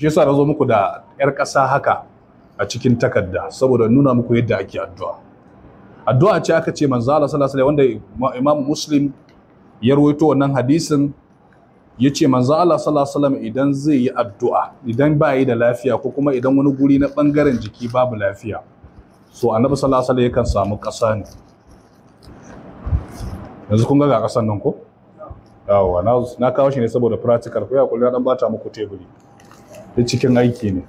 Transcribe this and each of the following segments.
shi yasa na zo muku da yar ƙasa haka a cikin takarda saboda nuna muku yadda ake addu'a addu'a ce aka ce manzo Allah sallallahu alaihi wanda Imam Muslim ya rawaito wannan hadisin yace manzo Allah sallallahu alaihi wasallam idan zai yi addu'a idan ba yi da lafiya ko kuma idan wani guri na bangaren jiki babu lafiya so annabi sallallahu alaihi wasallam yakan samu ƙasa ne yanzu kun ga ga ƙasan nan ko yawa na kawo shi ne saboda practical ko ya kullu ya dan bata muku teburi duk cikin aiki ne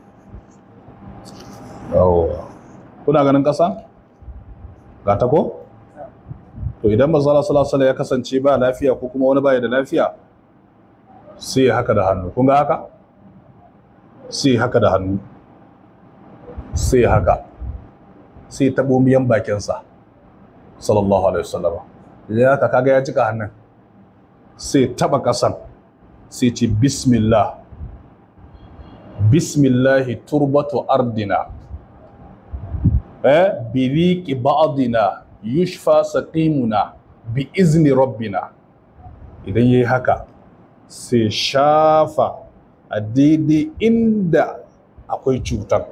kuna ganin ƙasa ga ta ko to idan manzala salasala ya kasance ba lafiya ko kuma wani baya da lafiya sai ya haka da hannu kun ga haka sai ya haka da hannu sai ya haka sai ya taɓo miyan bakinsa sallallahu alaihi wasallam idan haka kaga ya cika hannun sai taɓa ƙasan sai ce bismillah bismillahi turbatu ardina eh biriki ba'dina yushfa saqimuna bi izni rabbina idan yayi haka sai shafa a daidai inda akwai cutar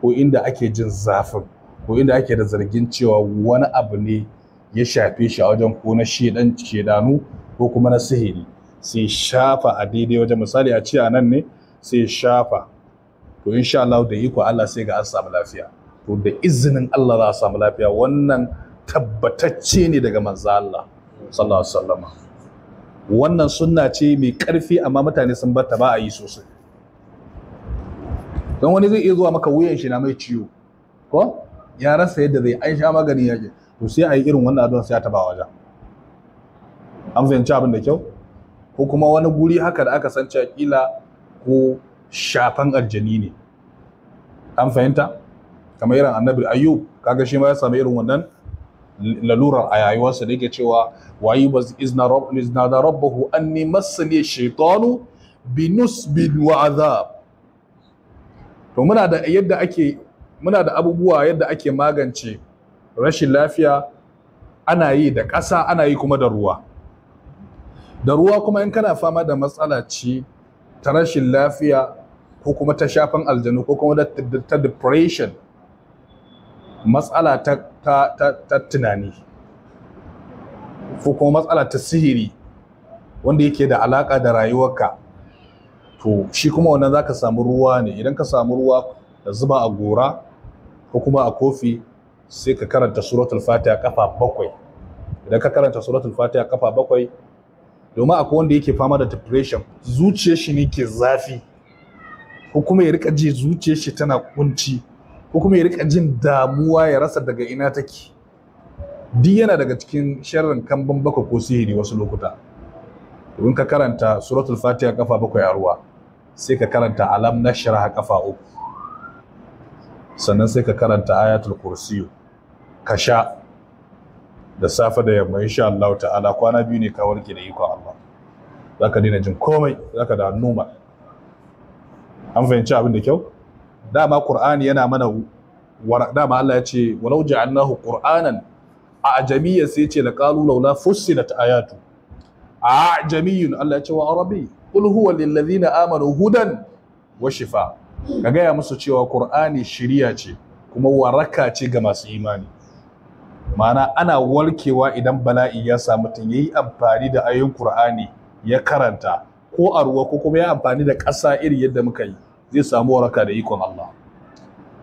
ko inda ake jin zafin ko inda ake da zargin cewa wani abu ne ya shafe shi a wajen ko na shedanu ko kuma na sihiri sai shafa a daidai wajen misali a ce a nan ne sai shafa to insha Allah da iko Allah sai ga an samu lafiya to da izinin Allah za a samu lafiya wannan tabbatacce ne daga manzo Allah sallallahu alaihi wasallam wannan sunna ce mai karfi amma mutane sun bar ta ba a yi sosai don wani zai iya zuwa maka wuyan shi na mai ciwo ko ya rasa yadda zai an sha magani ya to sai a yi irin wannan addu'a sai a taba wajen an fahimci abin da kyau ko kuma wani guri haka da aka san cewa kila ko shafan aljani ne an fahimta kamar irin annabi ayyub kaga shi ma ya samu irin wannan lalurar a yayuwarsa da yake cewa wayi ba izna rabb izna da rabbahu anni massani shaytanu binusbin wa azab to muna da yadda ake muna da abubuwa yadda ake magance rashin lafiya ana yi da ƙasa ana yi kuma da ruwa da ruwa kuma in kana fama da matsala ce ta rashin lafiya ko kuma ta shafan aljanu ko kuma ta depression matsala ta, tunani ko kuma matsala ta sihiri wanda yake da alaka da rayuwarka to shi kuma wannan za ka samu ruwa ne idan ka samu ruwa da zuba a gora ko kuma a kofi sai ka karanta suratul fatiha kafa bakwai idan ka karanta suratul fatiha kafa bakwai domin akwai wanda yake fama da depression zuciyar shi ne ke zafi ko kuma ya rika ji zuciyar shi tana kunci ko kuma ya rika jin damuwa ya rasa daga ina take duk yana daga cikin sharrin kamban baka ko sihiri wasu lokuta domin ka karanta suratul fatiha kafa bakwai a ruwa sai ka karanta alam nashraha kafa uku sannan sai ka karanta ayatul kursiyu ka sha da safe da yamma insha Allah ta'ala kwana biyu ne ka warke da ikon Allah zaka daina jin komai zaka da numa an fahimci abin da kyau dama Qur'ani yana mana dama Allah ya ce walau ja'alnahu Qur'anan a ajamiyya sai ce laqalu laula fussilat ayatu a ajamiyyun Allah ya ce wa arabi qul huwa lil ladina amanu hudan wa shifa ka gaya musu cewa Qur'ani shiriya ce kuma waraka ce ga masu imani ma'ana ana warkewa idan bala'i ya samu tun ya yi amfani da ayoyin Kur'ani ya karanta ko a ruwa ko kuma ya amfani da ƙasa iri yadda muka yi zai samu waraka da ikon Allah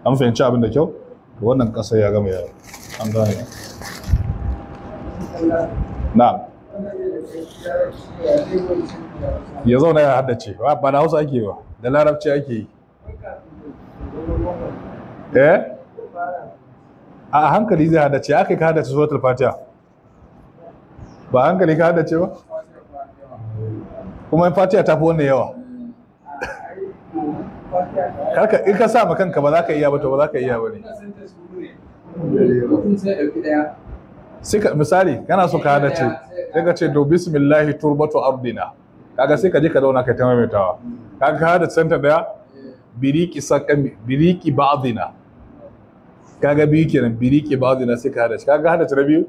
an fahimci abin da kyau wannan ƙasa ya gama ya an gane na ya zauna ya haddace ba da hausa ake ba da larabci ake yi eh a hankali zai hada ce aka yi ka hada ce suratul fatiha ba hankali ka hada ce ba kuma fatiha ta fi wani yawa karka in ka sa kanka ba za ka iya ba to ba za ka iya ba ne sai ka misali kana so ka hada ce sai ka ce to bismillahi turbatu abdina kaga sai ka je ka zauna ka ta maimaitawa kaga ka hada santa daya biriki sakami biriki ba'dina kaga biyu kenan biriki na sai ka hada shi kaga hada ta biyu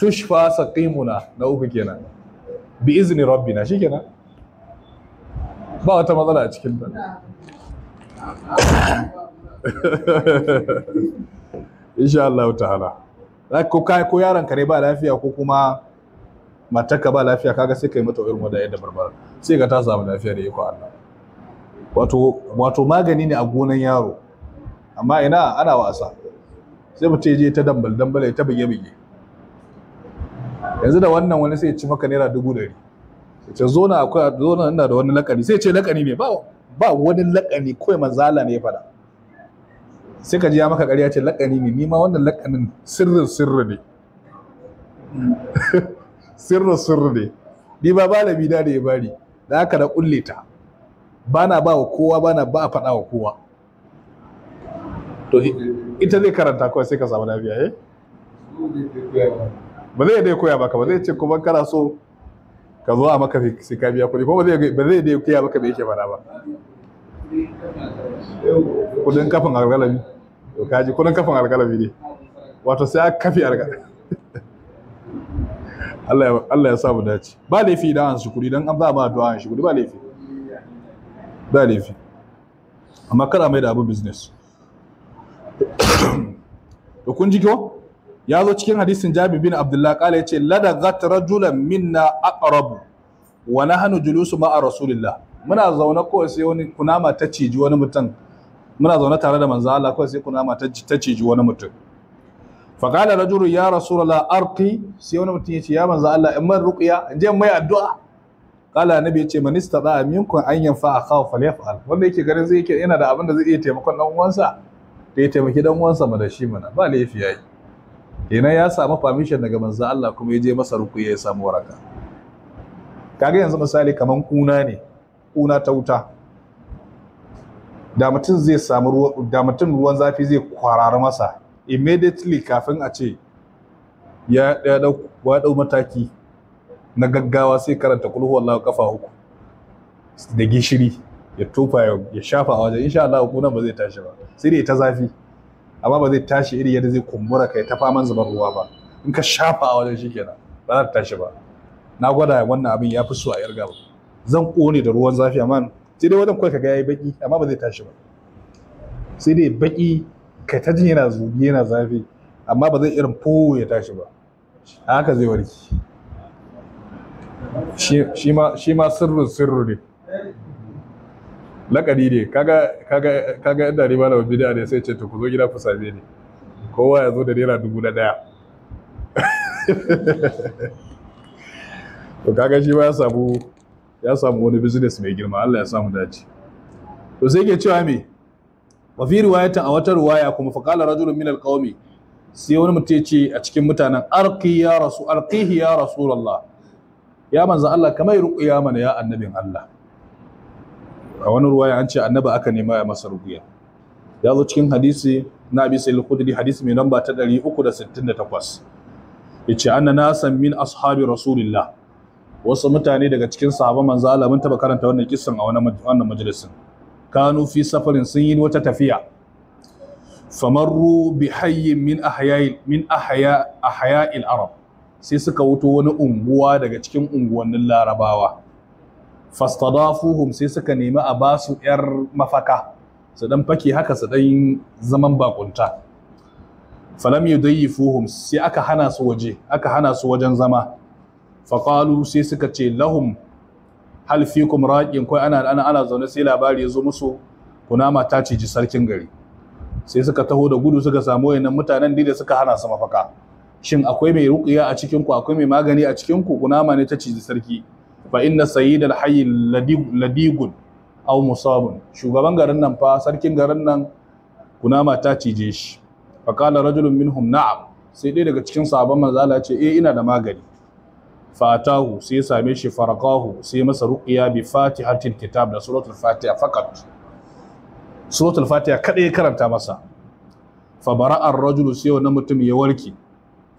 tushfa saqimuna na uku kenan bi izni rabbina shikenan ba wata matsala a cikin ta insha Allah ta'ala ko kai ko yaron ka ne ba lafiya ko kuma matarka ba lafiya kaga sai kai mata irin wanda yadda barbara sai ka ta samu lafiya da iko Allah wato wato magani ne a gonan yaro amma ina ana wasa sai mutum je ta dambal dambal ya ta bige bige yanzu da wannan wani sai ya ci maka naira dubu ɗari ya ce zo na akwai zo na ina da wani lakani sai ya ce lakani ne ba ba wani lakani kawai manzala ne ya faɗa sai ka ji ya maka ƙarya ce lakani ne ni ma wannan lakanin sirrin sirri ne sirrin sirri ne ni ba malami da ya bari da haka na kulle ta bana ba wa kowa bana ba faɗa wa kowa to ita zai karanta kawai sai ka samu lafiya ya eh? ba zai dai koya baka ba zai ce kuma kana so ka zo a maka sai ka biya kuɗi ko ba zai dai koya baka me yake fara ba kudin kafin algalami to kaji kudin kafin algalami ne wato sai aka kafi algalami Allah ya sa mu dace ba laifi idan an shukuri dan an ba ma addu'a an shukuri ba laifi ba laifi amma kada mai da abu business to kun ji ko ya zo cikin hadisin Jabir bin Abdullah kala yace ladagat rajulan minna aqrabu wa nahnu julusu ma'a rasulillah muna zaune ko sai wani kunama ta ciji wani mutum muna zaune tare da manzo Allah ko sai kunama ta ta ciji wani mutum fa qala rajulu ya rasulullah arqi sai wani mutum yace ya manzo Allah in man ruqiya in je mai addu'a kala nabi yace man istata minkum an yanfa akhaw falyaf'al wanda yake garin zai yake yana da abin da zai iya taimakon dan uwansa da ya taimaki dan uwansa da shi mana ba laifi yayi kenan ya samu permission daga manzo Allah kuma ya je masa ruku ya samu waraka kaga yanzu misali kaman kuna ne kuna ta wuta da mutum zai samu da mutum ruwan zafi zai kwarara masa immediately kafin a ce ya ɗau mataki na gaggawa sai karanta kulhu wallahu kafa uku da gishiri ya tofa ya shafa a wajen insha Allah kunan ba zai tashi ba sai dai ta zafi amma ba zai tashi iri yadda zai kumbura kai ta faman zubar ruwa ba in ka shafa a wajen shikenan ba za ta tashi ba na gwada wannan abin ya fi so a yarga ba zan kone da ruwan zafi amma sai dai wajen kawai ka ga yayi baki amma ba zai tashi ba sai dai baki ka ta jin yana zubi yana zafi amma ba zai irin fo ya tashi ba haka zai warki shi ma sirrin sirri ne lakari ne kaga kaga kaga yadda ne malama bid'a ne sai ce to ku zo gida ku same ni kowa ya zo da naira dubu na daya to kaga shi ba ya samu ya samu wani business mai girma Allah ya samu dace to sai ke cewa me wa fi riwayatin a wata riwaya kuma fa qala rajulun min alqawmi sai wani mutum ya ce a cikin mutanen arqi ya rasul arqihi ya rasulullah ya manzo Allah kamar ruqiya mana ya annabin Allah a wani ruwaya an ce annaba aka nema a masa rubuya ya zo cikin hadisi na abi sai al hadisi mai namba ta 368 yace anna nasan min ashabi rasulillah wasu mutane daga cikin sahaba manzo Allah mun taba karanta wannan kissan a wannan majalisin kanu fi safarin sun yi wata tafiya famarru bi hayyin min ahya'i min ahya ahya'il arab sai suka wuto wani unguwa daga cikin unguwannin larabawa fastadafuhum sai suka nemi a basu yar mafaka su dan fake haka su dan zaman bakunta falam fuhum, sai aka hana su waje aka hana su wajen zama faqalu sai suka ce lahum hal fikum raqin ko ana ana ana zaune sai labari ya zo musu kunama ta ji sarkin gari sai suka taho da gudu suka samu wayannan mutanen da suka hana su mafaka shin akwai mai ruqiya a cikin ku akwai mai magani a cikin ku kunama ne ta ciji sarki fa inna sayyidal hayy ladigun aw musabun shugaban garin nan fa sarkin garin nan kunama ta cije shi fa qala rajulun minhum na'am sai ɗaya daga cikin sabon manzo Allah ce eh ina da magani fatahu sai ya same shi farakahu, sai masa ruqya bi fatihatil kitab da suratul fatiha fakat suratul fatiha kada ya karanta masa fa bara ar-rajulu sai wannan mutum ya warke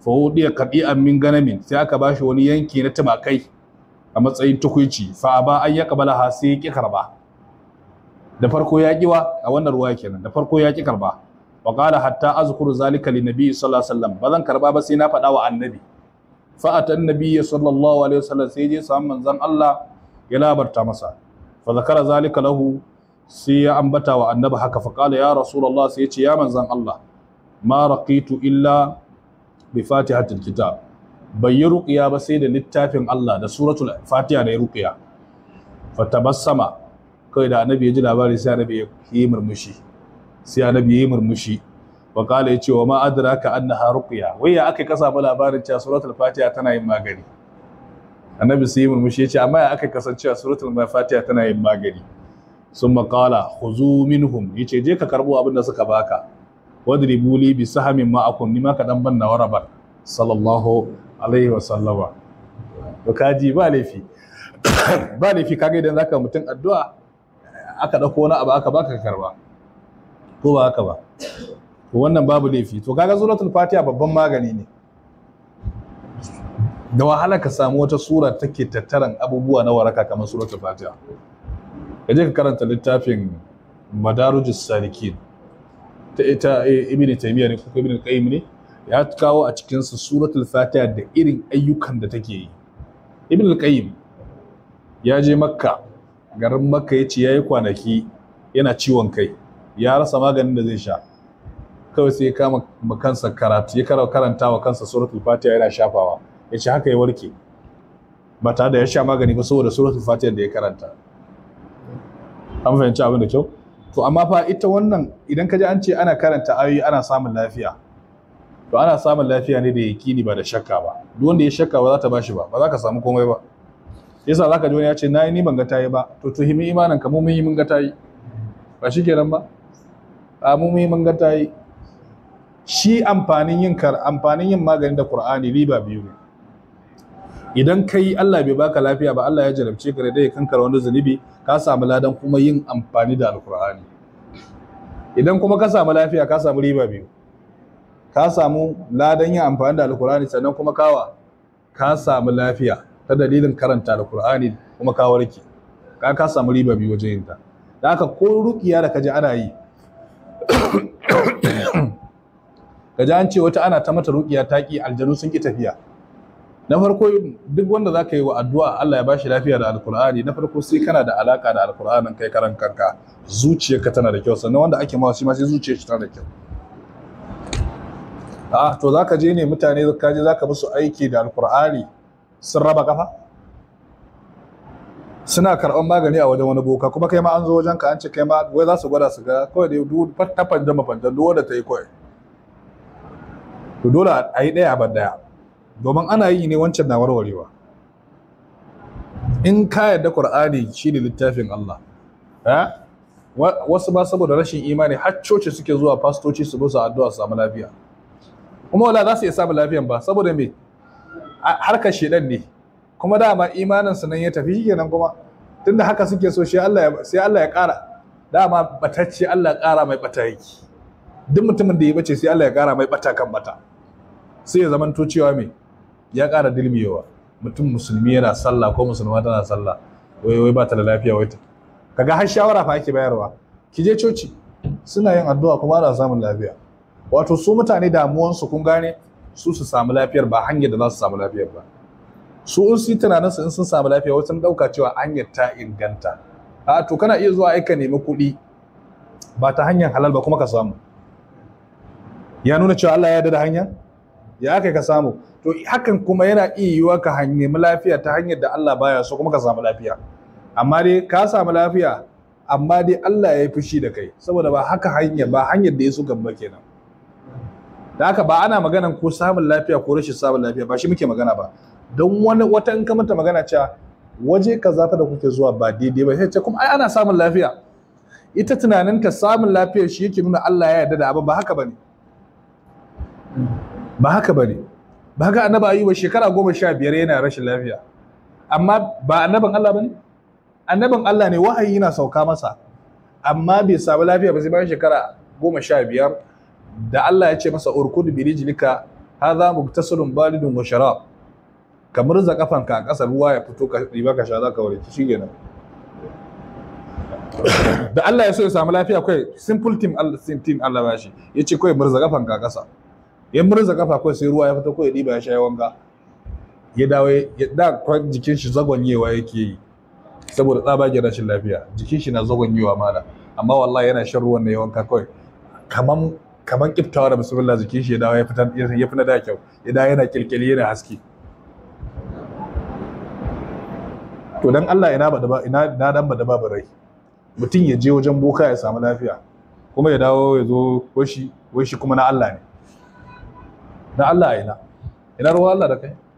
fa hudiya qadi'an min ganamin sai aka bashi wani yanki na tumakai a matsayin tukuici fa ba an ya kabala ha sai ki karba da farko ya kiwa a wannan ruwa kenan da farko ya ki karba wa qala hatta azkuru zalika li nabi sallallahu alaihi wasallam bazan karba ba sai na faɗawa wa annabi fa atan nabi sallallahu alaihi wasallam sai je samu manzon Allah ya labarta masa fa zakara zalika lahu sai ya ambata wa annabi haka fa qala ya rasulullah sai ya ce ya manzon Allah ma raqitu illa bi fatihatil kitab bai yi ruƙiya ba sai da littafin Allah da suratul fatiha da ya ruƙiya fatabassama kai da annabi ya ji labari sai annabi ya yi murmushi sai annabi ya yi murmushi wa kala yace wa ma adraka annaha ruqya wai ya aka kasa ba labarin cewa suratul fatiha tana yin magani annabi sai murmushi yace amma ya aka kasancewa suratul fatiha tana yin magani summa qala khuzu minhum yace je ka karbo abin da suka baka wadribu li bi sahamin ma'akum ma ka dan banna warabar sallallahu alaihi wasallama to kaji ba laifi ba laifi kaga idan zaka mutum addu'a aka dauko wani abu aka baka karba ko ba haka ba to wannan babu laifi to kaga suratul fatiha babban magani ne da wahala ka samu wata sura take tattaran abubuwa na waraka kamar suratul fatiha ka je ka karanta littafin madarujus salikin ta ita eh, ibn taymiya ne ko ibn qayyim ne ya kawo a cikinsa suratul fatiha da irin ayyukan da take yi ibn al-qayyim ya je makka garin makka ya ce ya yi kwanaki yana ciwon kai ya rasa maganin da zai sha kawai sai ya kama kansa karatu ya karanta wa kansa suratul fatiha yana shafawa ya ce haka ya warke ba tare da ya sha magani ba saboda suratul fatiha da ya karanta an fahimci abin da kyau to amma fa ita wannan idan ka ji an ce ana karanta ayoyi ana samun lafiya to ana samun lafiya ne da yakini ba da shakka ba duk wanda ya shakka ba za ta bashi ba ba za ka samu komai ba yasa za ka ji wani ya ce na yi ni ban ga tayi ba to to himi imanin ka mu mun yi mun ga tayi ba shi kenan ba a mu mun yi mun ga tayi shi amfanin yin kar amfanin yin magani da Qur'ani riba biyu ne idan kai Allah bai baka lafiya ba Allah ya jarabce ka da kan kankara wani zunubi ka samu ladan kuma yin amfani da alkur'ani idan kuma ka samu lafiya ka samu riba biyu ka samu ladan yin amfani da alkur'ani sannan kuma kawa ka samu lafiya ta dalilin karanta alkur'ani kuma ka warke ka ka samu riba biyu wajen yin ta da haka ko rukiya da kaji ana yi kaji an ce wata ana ta mata rukiya ta ki aljanu sun ki tafiya na farko duk wanda zaka yi wa addu'a Allah ya bashi lafiya da alkur'ani na farko sai kana da alaka da alkur'anin kai karan kanka zuciyarka tana da kyau sannan wanda ake mawa shi ma sai zuciyar tana da kyau a to za ka je ne mutane ka je za ka musu aiki da alkur'ani sun raba kafa suna karɓar magani a wajen wani boka kuma kai ma an zo wajen ka an ce kai ma wai za su gwada su ga kawai dai duk ta fanda mafanta duk wanda ta yi kawai to dole a yi ɗaya a ban ɗaya domin ana yi ne wancan na warwarewa in ka yarda qur'ani shine littafin Allah wasu ba saboda rashin imani har coci suke zuwa fastoci su musu addu'a su samu lafiya kuma wala za su iya samun lafiyan ba saboda me harkar shedan ne kuma dama imanin su nan ya tafi kenan kuma tunda haka suke so shi Allah sai Allah ya ƙara dama batacce Allah ya ƙara mai bata yake duk mutumin da ya bace sai Allah ya ƙara mai bata kan bata sai ya to cewa me ya ƙara dilmiyewa mutum musulmi yana sallah ko musulma tana sallah wai wai ba ta da lafiya wai kaga har shawara fa ake bayarwa ki je coci suna yin addu'a kuma ana samun lafiya wato su mutane damuwansu kun gane su su samu lafiyar ba hanyar da za su samu lafiyar ba su in su tunanin su in sun samu lafiya wasu dauka cewa hanyar ta inganta a to kana iya zuwa aika nemi kuɗi ba ta hanyar halal ba kuma ka samu ya nuna cewa Allah ya da hanya ya kai ka samu to hakan kuma yana iya yiwa ka nemi lafiya ta hanyar da Allah baya so kuma ka samu lafiya amma dai ka samu lafiya amma dai Allah ya yi fushi da kai saboda ba haka hanya ba hanyar da ya so gaba kenan da haka ba ana magana ko samun lafiya ko rashin samun lafiya ba shi muke magana ba don wani wata in ka magana cewa waje ka zata da kuke zuwa ba daidai ba sai ce kuma ai ana samun lafiya ita tunaninta samun lafiya shi yake nuna Allah ya yarda da abin ba haka bane ba haka bane ba haka annabi ayyuba shekara goma sha biyar yana rashin lafiya amma ba annabin Allah bane annabin Allah ne wahayi yana sauka masa amma bai samu lafiya ba sai bayan shekara goma sha biyar da Allah ya ce masa urkud bi rijlika hadha muktasalun balidun wa sharab kamar za kafanka a ƙasar ruwa ya fito ka riba ka sha za ka warke shi kenan da Allah ya so ya samu lafiya kai simple team Allah team Allah ba shi ya ce kai murza kafanka a ƙasa ya murza kafa kai sai ruwa ya fito kai riba ya sha ya ya dawo ya da jikin shi zagonyewa yake yi saboda tsabagen rashin lafiya jikin shi na zagonyewa mala amma wallahi yana shan ruwan ne ya wanka kai kaman kamar kiftawa da bismillah jikin shi ya dawo ya fitar ya fi na da kyau ya dawo yana kirkiri yana haske to dan Allah ina bada ba ina na dan rai mutum ya je wajen boka ya samu lafiya kuma ya dawo ya zo washi washi kuma na Allah ne na Allah ina ina ruwa Allah da kai